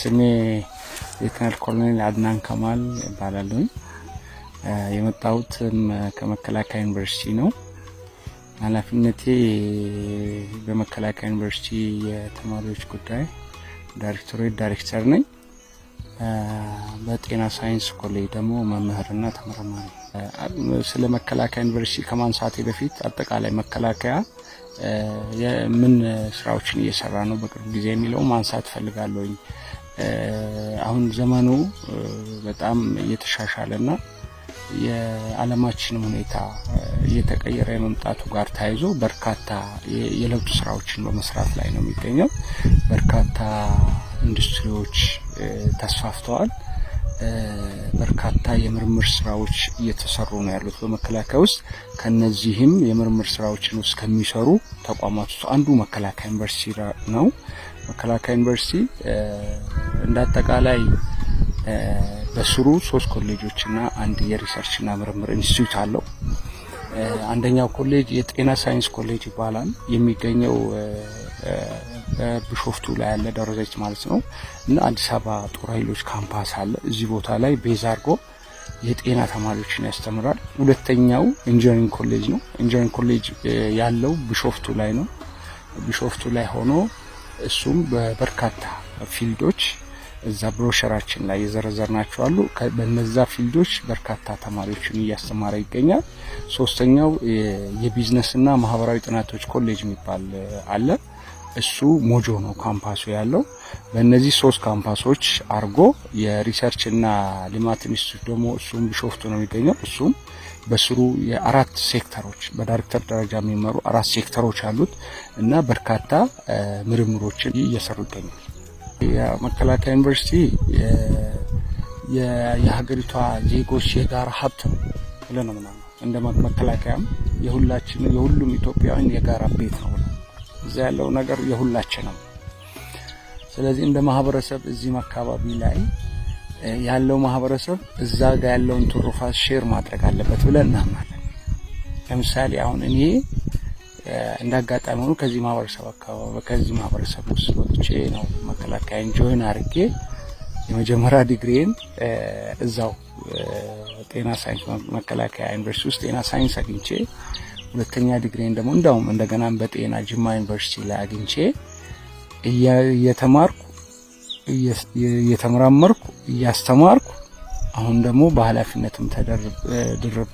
ስሜ ሌተናል ኮሎኔል አድናን ከማል እባላለሁኝ። የመጣሁትም ከመከላከያ ዩኒቨርሲቲ ነው። ኃላፊነቴ በመከላከያ ዩኒቨርሲቲ የተማሪዎች ጉዳይ ዳይሬክቶሬት ዳይሬክተር ነኝ። በጤና ሳይንስ ኮሌጅ ደግሞ መምህርና ተመራማሪ። ስለ መከላከያ ዩኒቨርሲቲ ከማንሳቴ በፊት አጠቃላይ መከላከያ ምን ስራዎችን እየሰራ ነው በቅርብ ጊዜ የሚለው ማንሳት ፈልጋለሁኝ። አሁን ዘመኑ በጣም እየተሻሻለ እና የዓለማችንም ሁኔታ እየተቀየረ የመምጣቱ ጋር ተያይዞ በርካታ የለውጥ ስራዎችን በመስራት ላይ ነው የሚገኘው። በርካታ ኢንዱስትሪዎች ተስፋፍተዋል። በርካታ የምርምር ስራዎች እየተሰሩ ነው ያሉት በመከላከያ ውስጥ። ከነዚህም የምርምር ስራዎችን ውስጥ ከሚሰሩ ተቋማት ውስጥ አንዱ መከላከያ ዩኒቨርሲቲ ነው። መከላከያ ዩኒቨርሲቲ እንደ አጠቃላይ በስሩ ሶስት እና አንድ የሪሰርችና ምርምር ኢንስቲትዩት አለው። አንደኛው ኮሌጅ የጤና ሳይንስ ኮሌጅ ይባላል። የሚገኘው ቢሾፍቱ ላይ ያለ ደረጃች ማለት ነው እና አዲስ አበባ ጦር ኃይሎች ካምፓስ አለ። እዚህ ቦታ ላይ ቤዝ አድርጎ የጤና ተማሪዎችን ያስተምራል። ሁለተኛው ኢንጂነሪንግ ኮሌጅ ነው። ኢንጂነሪንግ ኮሌጅ ያለው ቢሾፍቱ ላይ ነው። ቢሾፍቱ ላይ ሆኖ እሱም በበርካታ ፊልዶች እዛ ብሮሸራችን ላይ የዘረዘርናቸው አሉ። በነዛ ፊልዶች በርካታ ተማሪዎችን እያስተማረ ይገኛል። ሶስተኛው የቢዝነስና ማህበራዊ ጥናቶች ኮሌጅ የሚባል አለ። እሱ ሞጆ ነው ካምፓሱ ያለው። በእነዚህ ሶስት ካምፓሶች አርጎ የሪሰርችና ልማት ኢንስቲትዩት ደግሞ እሱም ቢሾፍቱ ነው የሚገኘው። እሱም በስሩ የአራት ሴክተሮች በዳይሬክተር ደረጃ የሚመሩ አራት ሴክተሮች አሉት እና በርካታ ምርምሮችን እየሰሩ ይገኛል። የመከላከያ ዩኒቨርሲቲ የሀገሪቷ ዜጎች የጋራ ሀብት ነው ብለን ነው ምናምን እንደ መከላከያም የሁላችን የሁሉም ኢትዮጵያውያን የጋራ ቤት ነው። እዛ ያለው ነገር የሁላችንም። ስለዚህ እንደ ማህበረሰብ እዚህም አካባቢ ላይ ያለው ማህበረሰብ እዛ ጋር ያለውን ትሩፋት ሼር ማድረግ አለበት ብለን እናምናለን። ለምሳሌ አሁን እኔ እንዳጋጣሚ ሆኖ ከዚህ ማህበረሰብ አካባቢ ከዚህ ማህበረሰብ ውስጥ ወጥቼ ነው መከላከያ ጆይን አድርጌ የመጀመሪያ ዲግሪን እዛው ጤና ሳይንስ መከላከያ ዩኒቨርሲቲ ውስጥ ጤና ሳይንስ አግኝቼ ሁለተኛ ዲግሪን ደግሞ እንዳውም እንደገናም በጤና ጅማ ዩኒቨርሲቲ ላይ አግኝቼ እየተማርኩ እየተመራመርኩ እያስተማርኩ አሁን ደግሞ በኃላፊነትም ድርብ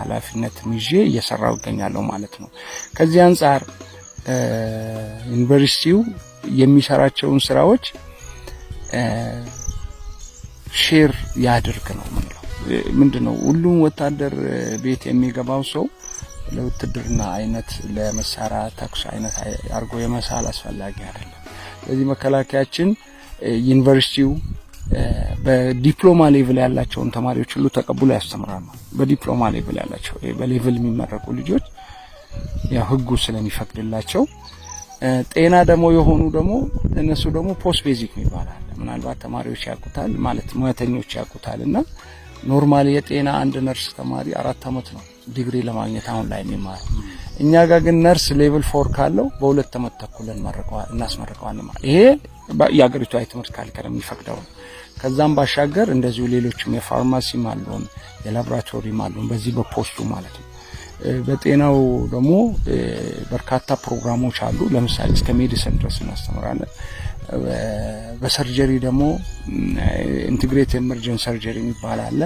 ኃላፊነትም ይዤ እየሰራው እገኛለሁ ማለት ነው። ከዚህ አንጻር ዩኒቨርሲቲው የሚሰራቸውን ስራዎች ሼር ያድርግ ነው ምንለው። ምንድን ነው ሁሉም ወታደር ቤት የሚገባው ሰው ለውትድርና አይነት ለመሳሪያ ተኩስ አይነት አድርጎ የመሳል አስፈላጊ አይደለም። ስለዚህ መከላከያችን ዩኒቨርሲቲው በዲፕሎማ ሌቭል ያላቸውን ተማሪዎች ሁሉ ተቀብሎ ያስተምራል። ነው። በዲፕሎማ ሌቭል ያላቸው በሌቭል የሚመረቁ ልጆች ያው ህጉ ስለሚፈቅድላቸው፣ ጤና ደግሞ የሆኑ ደግሞ እነሱ ደግሞ ፖስት ቤዚክ ይባላል። ምናልባት ተማሪዎች ያውቁታል ማለት ሙያተኞች ያውቁታል። እና ኖርማል የጤና አንድ ነርስ ተማሪ አራት ዓመት ነው ዲግሪ ለማግኘት አሁን ላይ የሚማር እኛ ጋር ግን ነርስ ሌቭል ፎር ካለው በሁለት ዓመት ተኩል እናስመርቀዋል። ይሄ የአገሪቷ የትምህርት ካሪከለም የሚፈቅደው ነው። ከዛም ባሻገር እንደዚሁ ሌሎችም የፋርማሲም አሉን የላቦራቶሪም አሉን በዚህ በፖስቱ ማለት ነው። በጤናው ደግሞ በርካታ ፕሮግራሞች አሉ። ለምሳሌ እስከ ሜዲሰን ድረስ እናስተምራለን። በሰርጀሪ ደግሞ ኢንትግሬት ኤመርጀንት ሰርጀሪ የሚባል አለ፣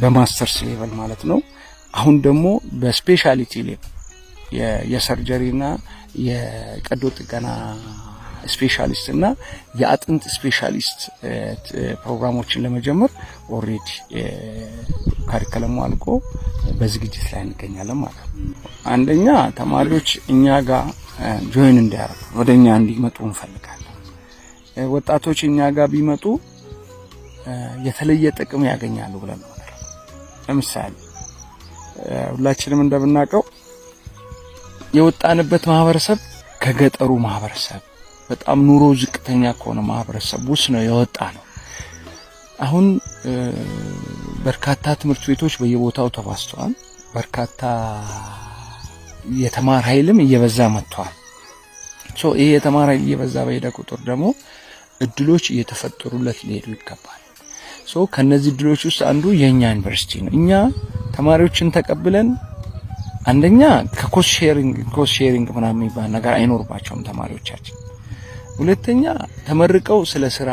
በማስተርስ ሌቨል ማለት ነው። አሁን ደግሞ በስፔሻሊቲ ሌቭል የሰርጀሪና የቀዶ ጥገና ስፔሻሊስት እና የአጥንት ስፔሻሊስት ፕሮግራሞችን ለመጀመር ኦሬዲ ካሪከለሙ አልቆ በዝግጅት ላይ እንገኛለን ማለት ነው። አንደኛ ተማሪዎች እኛ ጋር ጆይን እንዲያደርጉ ወደ እኛ እንዲመጡ እንፈልጋለን። ወጣቶች እኛ ጋር ቢመጡ የተለየ ጥቅም ያገኛሉ ብለን ነው። ለምሳሌ ሁላችንም እንደምናውቀው የወጣንበት ማህበረሰብ ከገጠሩ ማህበረሰብ በጣም ኑሮ ዝቅተኛ ከሆነ ማህበረሰብ ውስጥ ነው የወጣ ነው። አሁን በርካታ ትምህርት ቤቶች በየቦታው ተባስተዋል። በርካታ የተማረ ኃይልም እየበዛ መጥተዋል። ይህ የተማር ኃይል እየበዛ በሄደ ቁጥር ደግሞ እድሎች እየተፈጠሩለት ሊሄዱ ይገባል። ከነዚህ እድሎች ውስጥ አንዱ የኛ ዩኒቨርሲቲ ነው። እኛ ተማሪዎችን ተቀብለን አንደኛ ከኮስት ሼሪንግ ኮስት ሼሪንግ ምናምን የሚባል ነገር አይኖርባቸውም ተማሪዎቻችን ሁለተኛ ተመርቀው ስለ ስራ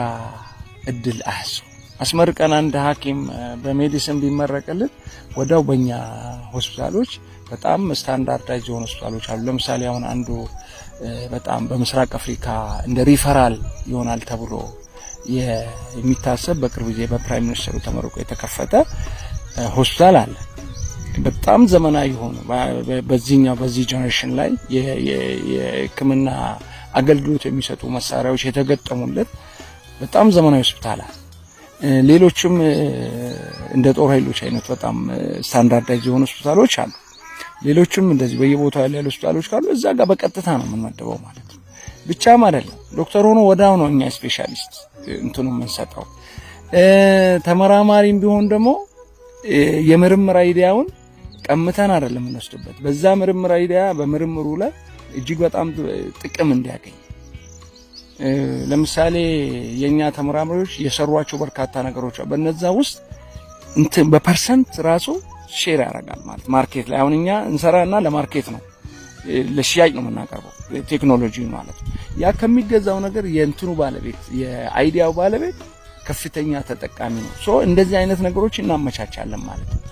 እድል አያስቡ። አስመርቀን አንድ ሐኪም በሜዲሲን ቢመረቅልን ወዲያው በእኛ ሆስፒታሎች በጣም ስታንዳርዳይዝ የሆኑ ሆስፒታሎች አሉ። ለምሳሌ አሁን አንዱ በጣም በምስራቅ አፍሪካ እንደ ሪፈራል ይሆናል ተብሎ የሚታሰብ በቅርብ ጊዜ በፕራይም ሚኒስትሩ ተመርቆ የተከፈተ ሆስፒታል አለ። በጣም ዘመናዊ የሆኑ በዚህኛው በዚህ ጀኔሬሽን ላይ የሕክምና አገልግሎት የሚሰጡ መሳሪያዎች የተገጠሙለት በጣም ዘመናዊ ሆስፒታላት ሌሎችም እንደ ጦር ኃይሎች አይነት በጣም ስታንዳርዳይዝ የሆኑ ሆስፒታሎች አሉ። ሌሎችም እንደዚህ በየቦታው ያሉ ሆስፒታሎች ካሉ እዛ ጋር በቀጥታ ነው የምንመደበው ማለት ነው። ብቻም አይደለም ዶክተር ሆኖ ወዳው ነው እኛ ስፔሻሊስት እንትኑ የምንሰጠው። ተመራማሪም ቢሆን ደግሞ የምርምር አይዲያውን ቀምተን አይደለም የምንወስድበት። በዛ ምርምር አይዲያ በምርምሩ ላይ እጅግ በጣም ጥቅም እንዲያገኝ ለምሳሌ የእኛ ተመራማሪዎች የሰሯቸው በርካታ ነገሮች በነዛ ውስጥ እንትን በፐርሰንት ራሱ ሼር ያደርጋል ማለት ማርኬት ላይ አሁን እኛ እንሰራና ለማርኬት ነው ለሽያጭ ነው የምናቀርበው ቴክኖሎጂ ማለት ያ ከሚገዛው ነገር የእንትኑ ባለቤት የአይዲያው ባለቤት ከፍተኛ ተጠቃሚ ነው። ሶ እንደዚህ አይነት ነገሮች እናመቻቻለን ማለት ነው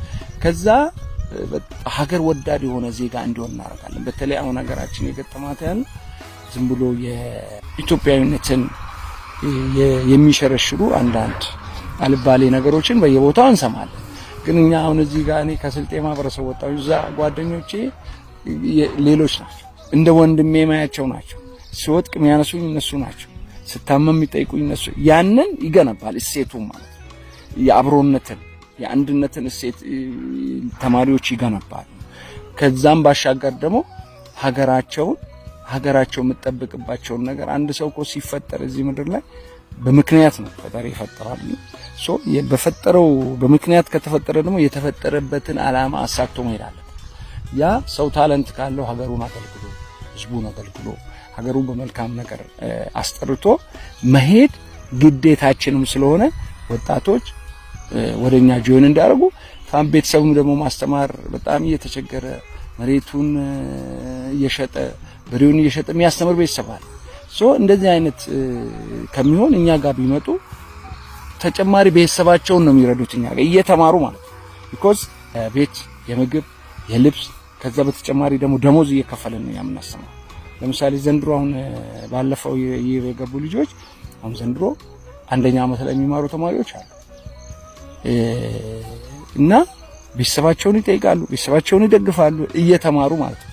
ከዛ ሀገር ወዳድ የሆነ ዜጋ እንዲሆን እናደርጋለን። በተለይ አሁን ሀገራችን የገጠማት ያን ዝም ብሎ የኢትዮጵያዊነትን የሚሸረሽሩ አንዳንድ አልባሌ ነገሮችን በየቦታው እንሰማለን። ግን እኛ አሁን እዚህ ጋር እኔ ከስልጤ ማህበረሰብ ወጣሁ። እዛ ጓደኞቼ ሌሎች ናቸው፣ እንደ ወንድሜ ማያቸው ናቸው። ሲወጥቅ የሚያነሱኝ እነሱ ናቸው፣ ስታመም የሚጠይቁኝ እነሱ። ያንን ይገነባል እሴቱ ማለት የአብሮነትን የአንድነትን እሴት ተማሪዎች ይገነባሉ። ከዛም ባሻገር ደግሞ ሀገራቸውን ሀገራቸው የምጠብቅባቸውን ነገር አንድ ሰው እኮ ሲፈጠር እዚህ ምድር ላይ በምክንያት ነው ፈጣሪ ይፈጠራል። ሶ በፈጠረው በምክንያት ከተፈጠረ ደግሞ የተፈጠረበትን ዓላማ አሳክቶ መሄድ አለበት። ያ ሰው ታለንት ካለው ሀገሩን አገልግሎ ህዝቡን አገልግሎ ሀገሩን በመልካም ነገር አስጠርቶ መሄድ ግዴታችንም ስለሆነ ወጣቶች ወደኛ ጆይን እንዳደርጉ ታም ቤተሰቡም ደግሞ ማስተማር በጣም እየተቸገረ መሬቱን እየሸጠ በሬውን እየሸጠ የሚያስተምር ቤተሰብ አለ። ሶ እንደዚህ አይነት ከሚሆን እኛ ጋር ቢመጡ ተጨማሪ ቤተሰባቸውን ነው የሚረዱት እኛ ጋር እየተማሩ ማለት ነው። ቢኮዝ ቤት የምግብ የልብስ ከዛ በተጨማሪ ደግሞ ደሞዝ እየከፈለን ነው የምናስተማር። ለምሳሌ ዘንድሮ አሁን ባለፈው የገቡ ልጆች አሁን ዘንድሮ አንደኛ ዓመት ላይ የሚማሩ ተማሪዎች አሉ። እና ቤተሰባቸውን ይጠይቃሉ፣ ቤተሰባቸውን ይደግፋሉ እየተማሩ ማለት ነው።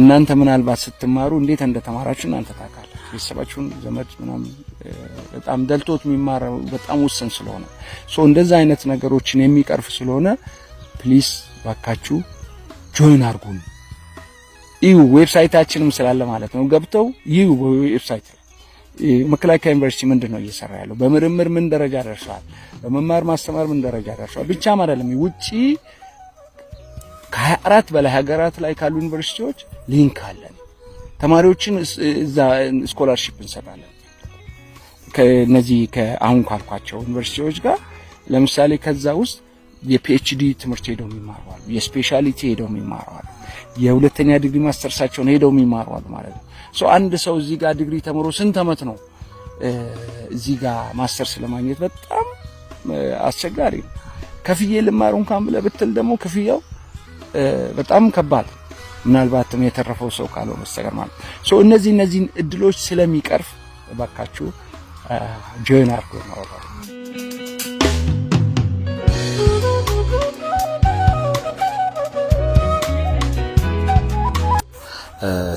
እናንተ ምናልባት ስትማሩ እንዴት እንደተማራችሁ እናንተ ታውቃላችሁ። ቤተሰባችሁን ዘመድ ምናምን በጣም ደልቶት የሚማረው በጣም ውስን ስለሆነ ሶ እንደዛ አይነት ነገሮችን የሚቀርፍ ስለሆነ ፕሊስ ባካችሁ ጆይን አድርጉን። ይዩ ዌብሳይታችንም ስላለ ማለት ነው ገብተው ይዩ በዌብሳይት መከላከያ ዩኒቨርሲቲ ምንድን ነው እየሰራ ያለው? በምርምር ምን ደረጃ ደርሷል? በመማር ማስተማር ምን ደረጃ ደርሷል? ብቻም አይደለም ውጪ ከሀያ አራት በላይ ሀገራት ላይ ካሉ ዩኒቨርሲቲዎች ሊንክ አለን። ተማሪዎችን እዛ ስኮላርሺፕ እንሰጣለን። ከነዚህ ከአሁን ካልኳቸው ዩኒቨርሲቲዎች ጋር ለምሳሌ ከዛ ውስጥ የፒኤችዲ ትምህርት ሄደው የሚማረዋል፣ የስፔሻሊቲ ሄደው የሚማረዋል፣ የሁለተኛ ዲግሪ ማስተርሳቸውን ሄደው የሚማረዋል ማለት ነው። ሶ አንድ ሰው እዚህ ጋር ዲግሪ ተምሮ ስንት ዓመት ነው እዚህ ጋር ማስተርስ ለማግኘት በጣም አስቸጋሪ ነው። ከፍዬ ልማሩ እንኳን ብለህ ብትል ደግሞ ክፍያው በጣም ከባድ ምናልባትም የተረፈው ሰው ካለው በስተቀር ማለት ሶ እነዚህ እነዚህን እድሎች ስለሚቀርፍ እባካችሁ ጆይን ነው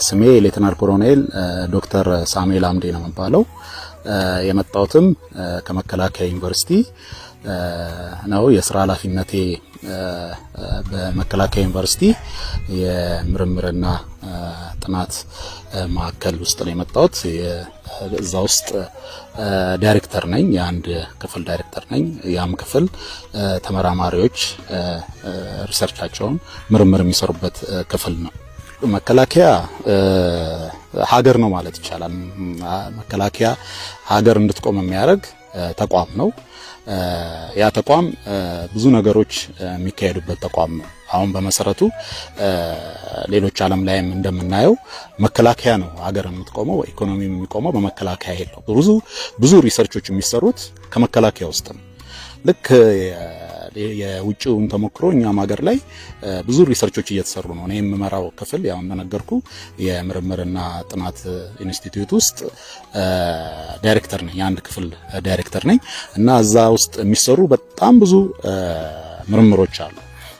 ስሜ ሌተናል ኮሎኔል ዶክተር ሳሙኤል አምዴ ነው የምባለው። የመጣሁትም ከመከላከያ ዩኒቨርሲቲ ነው። የስራ ኃላፊነቴ በመከላከያ ዩኒቨርሲቲ የምርምርና ጥናት ማዕከል ውስጥ ነው የመጣሁት። እዛ ውስጥ ዳይሬክተር ነኝ፣ የአንድ ክፍል ዳይሬክተር ነኝ። ያም ክፍል ተመራማሪዎች ሪሰርቻቸውን ምርምር የሚሰሩበት ክፍል ነው። መከላከያ ሀገር ነው ማለት ይቻላል። መከላከያ ሀገር እንድትቆም የሚያደርግ ተቋም ነው። ያ ተቋም ብዙ ነገሮች የሚካሄዱበት ተቋም ነው። አሁን በመሰረቱ ሌሎች ዓለም ላይም እንደምናየው መከላከያ ነው ሀገር የምትቆመው፣ ኢኮኖሚ የሚቆመው በመከላከያ የለው። ብዙ ብዙ ሪሰርቾች የሚሰሩት ከመከላከያ ውስጥ ነው። ልክ የውጭውን ተሞክሮ እኛም ሀገር ላይ ብዙ ሪሰርቾች እየተሰሩ ነው። እኔ የምመራው ክፍል ያው እንደነገርኩ የምርምርና ጥናት ኢንስቲትዩት ውስጥ ዳይሬክተር ነኝ፣ የአንድ ክፍል ዳይሬክተር ነኝ እና እዛ ውስጥ የሚሰሩ በጣም ብዙ ምርምሮች አሉ።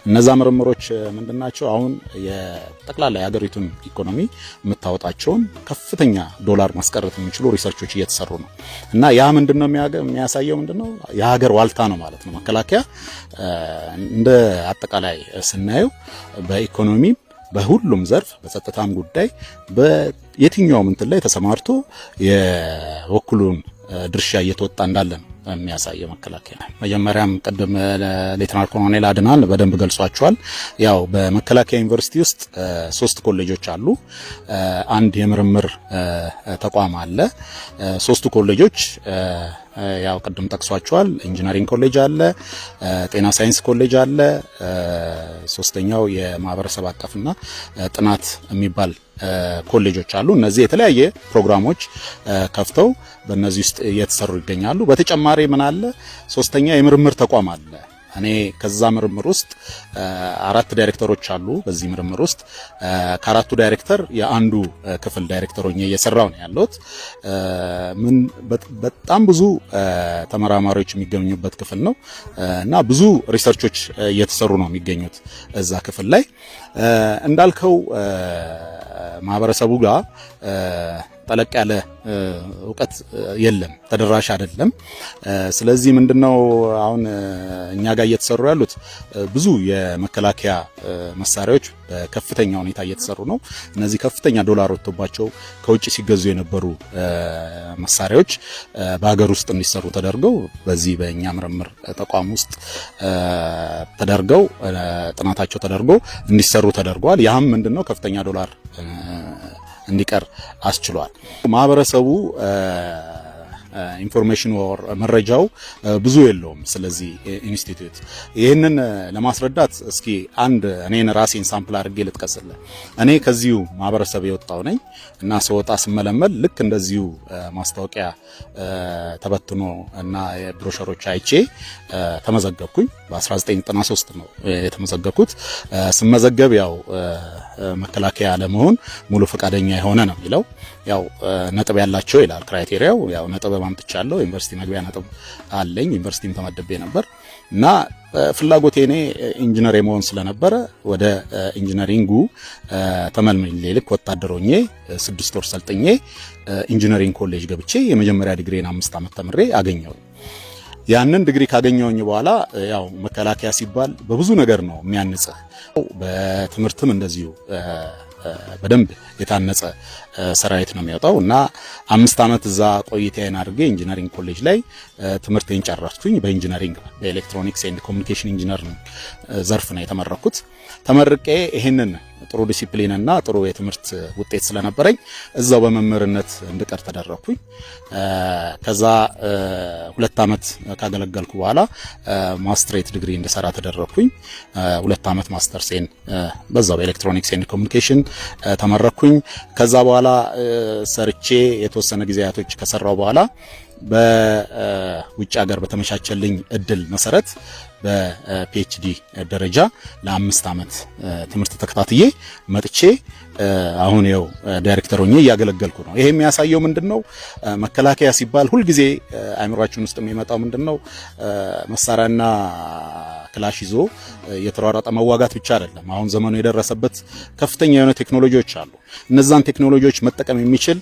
እነዛ ምርምሮች ምንድናቸው? አሁን የጠቅላላ የሀገሪቱን ኢኮኖሚ የምታወጣቸውን ከፍተኛ ዶላር ማስቀረት የሚችሉ ሪሰርቾች እየተሰሩ ነው እና ያ ምንድነው የሚያሳየው ምንድነው የሀገር ዋልታ ነው ማለት ነው። መከላከያ እንደ አጠቃላይ ስናየው በኢኮኖሚ በሁሉም ዘርፍ በጸጥታም ጉዳይ በየትኛውም እንትን ላይ ተሰማርቶ የበኩሉን ድርሻ እየተወጣ እንዳለ ነው የሚያሳየ መከላከያ ነው። መጀመሪያም ቅድም ሌተናል ኮሎኔል አድናን በደንብ ገልጿቸዋል። ያው በመከላከያ ዩኒቨርሲቲ ውስጥ ሶስት ኮሌጆች አሉ። አንድ የምርምር ተቋም አለ። ሶስቱ ኮሌጆች ያው ቅድም ጠቅሷቸዋል። ኢንጂነሪንግ ኮሌጅ አለ፣ ጤና ሳይንስ ኮሌጅ አለ። ሶስተኛው የማህበረሰብ አቀፍና ጥናት የሚባል ኮሌጆች አሉ። እነዚህ የተለያየ ፕሮግራሞች ከፍተው በእነዚህ ውስጥ እየተሰሩ ይገኛሉ። በተጨማሪ ምን አለ? ሶስተኛ የምርምር ተቋም አለ። እኔ ከዛ ምርምር ውስጥ አራት ዳይሬክተሮች አሉ። በዚህ ምርምር ውስጥ ከአራቱ ዳይሬክተር የአንዱ ክፍል ዳይሬክተር ሆኜ እየሰራው ነው ያለሁት። ምን በጣም ብዙ ተመራማሪዎች የሚገኙበት ክፍል ነው እና ብዙ ሪሰርቾች እየተሰሩ ነው የሚገኙት እዛ ክፍል ላይ እንዳልከው ማህበረሰቡ ጋር ጠለቅ ያለ እውቀት የለም፣ ተደራሽ አይደለም። ስለዚህ ምንድነው አሁን እኛ ጋር እየተሰሩ ያሉት ብዙ የመከላከያ መሳሪያዎች በከፍተኛ ሁኔታ እየተሰሩ ነው። እነዚህ ከፍተኛ ዶላር ወጥቶባቸው ከውጭ ሲገዙ የነበሩ መሳሪያዎች በሀገር ውስጥ እንዲሰሩ ተደርገው በዚህ በእኛ ምርምር ተቋም ውስጥ ተደርገው ጥናታቸው ተደርጎ እንዲሰሩ ተደርገዋል። ያህም ምንድነው ከፍተኛ ዶላር እንዲቀር አስችሏል። ማህበረሰቡ ኢንፎርሜሽን ወር መረጃው ብዙ የለውም ስለዚህ ኢንስቲትዩት። ይህንን ለማስረዳት እስኪ አንድ እኔን ራሴን ሳምፕል አድርጌ ልጥቀስል። እኔ ከዚሁ ማህበረሰብ የወጣው ነኝ እና ስወጣ ስመለመል ልክ እንደዚሁ ማስታወቂያ ተበትኖ እና የብሮሸሮች አይቼ ተመዘገብኩኝ። በ1993 ነው የተመዘገብኩት። ስመዘገብ ያው መከላከያ ለመሆን ሙሉ ፈቃደኛ የሆነ ነው የሚለው ያው ነጥብ ያላቸው ይላል ክራይቴሪያው። ያው ነጥብ ማምጥቻለሁ፣ ዩኒቨርሲቲ መግቢያ ነጥብ አለኝ፣ ዩኒቨርሲቲም ተመድቤ ነበር እና ፍላጎቴ እኔ ኢንጂነር የመሆን ስለነበረ ወደ ኢንጂነሪንጉ ተመልምሌ ልክ ወታደር ስድስት ወር ሰልጥኜ ኢንጂነሪንግ ኮሌጅ ገብቼ የመጀመሪያ ዲግሪን አምስት ዓመት ተምሬ አገኘው። ያንን ዲግሪ ካገኘውኝ በኋላ ያው መከላከያ ሲባል በብዙ ነገር ነው የሚያንጽህ። በትምህርትም እንደዚሁ በደንብ የታነጸ ሰራዊት ነው የሚወጣው እና አምስት ዓመት እዛ ቆይታዬን አድርጌ ኢንጂነሪንግ ኮሌጅ ላይ ትምህርቴን ጨረስኩኝ። በኢንጂነሪንግ በኤሌክትሮኒክስ ኤንድ ኮሚኒኬሽን ኢንጂነር ዘርፍ ነው የተመረኩት። ተመርቄ ይህንን ጥሩ ዲሲፕሊን እና ጥሩ የትምህርት ውጤት ስለነበረኝ እዛው በመምህርነት እንድቀር ተደረግኩኝ። ከዛ ሁለት ዓመት ካገለገልኩ በኋላ ማስትሬት ዲግሪ እንድሰራ ተደረግኩኝ። ሁለት ዓመት ማስተርሴን በዛው በኤሌክትሮኒክስ ኤንድ ኮሚኒኬሽን ተመረኩኝ። ከዛ በኋላ ሰርቼ የተወሰነ ጊዜያቶች ከሰራው በኋላ በውጭ ሀገር በተመቻቸልኝ እድል መሰረት በፒኤችዲ ደረጃ ለአምስት ዓመት ትምህርት ተከታትዬ መጥቼ አሁን ው ዳይሬክተር ሆኜ እያገለገልኩ ነው። ይሄ የሚያሳየው ምንድን ነው? መከላከያ ሲባል ሁልጊዜ አይምሯችን ውስጥ የሚመጣው ምንድን ነው? መሳሪያና ክላሽ ይዞ የተሯራጠ መዋጋት ብቻ አይደለም። አሁን ዘመኑ የደረሰበት ከፍተኛ የሆነ ቴክኖሎጂዎች አሉ። እነዛን ቴክኖሎጂዎች መጠቀም የሚችል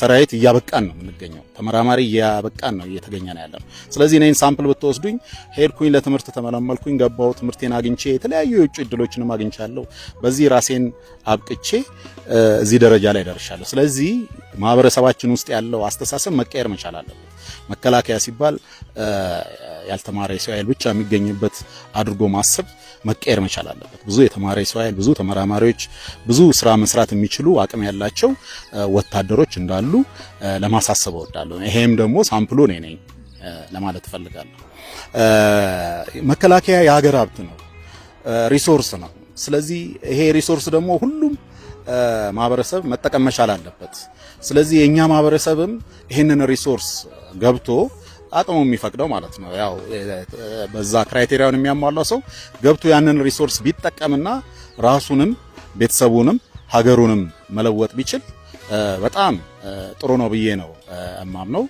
ሰራዊት እያበቃን ነው የምንገኘው። ተመራማሪ እያበቃን ነው እየተገኘ ነው ያለ ነው። ስለዚህ እኔን ሳምፕል ብትወስዱኝ፣ ሄድኩኝ፣ ለትምህርት ተመለመልኩኝ፣ ገባው፣ ትምህርቴን አግኝቼ የተለያዩ የውጭ እድሎችንም አግኝቻለሁ። በዚህ ራሴን አብቅቼ እዚህ ደረጃ ላይ ደርሻለሁ። ስለዚህ ማህበረሰባችን ውስጥ ያለው አስተሳሰብ መቀየር መቻል አለበት። መከላከያ ሲባል ያልተማረ የሰው ኃይል ብቻ የሚገኝበት አድርጎ ማሰብ መቀየር መቻል አለበት። ብዙ የተማረ የሰው ኃይል፣ ብዙ ተመራማሪዎች፣ ብዙ ስራ መስራት የሚችሉ አቅም ያላቸው ወታደሮች እንዳሉ ለማሳሰብ እወዳለሁ። ይሄም ደግሞ ሳምፕሉ እኔ ነኝ ለማለት እፈልጋለሁ። መከላከያ የሀገር ሀብት ነው፣ ሪሶርስ ነው። ስለዚህ ይሄ ሪሶርስ ደግሞ ሁሉም ማህበረሰብ መጠቀም መቻል አለበት። ስለዚህ የእኛ ማህበረሰብም ይህንን ሪሶርስ ገብቶ አቅሙ የሚፈቅደው ማለት ነው ያው በዛ ክራይቴሪያውን የሚያሟላ ሰው ገብቶ ያንን ሪሶርስ ቢጠቀምና ራሱንም ቤተሰቡንም ሀገሩንም መለወጥ ቢችል በጣም ጥሩ ነው ብዬ ነው እማምነው።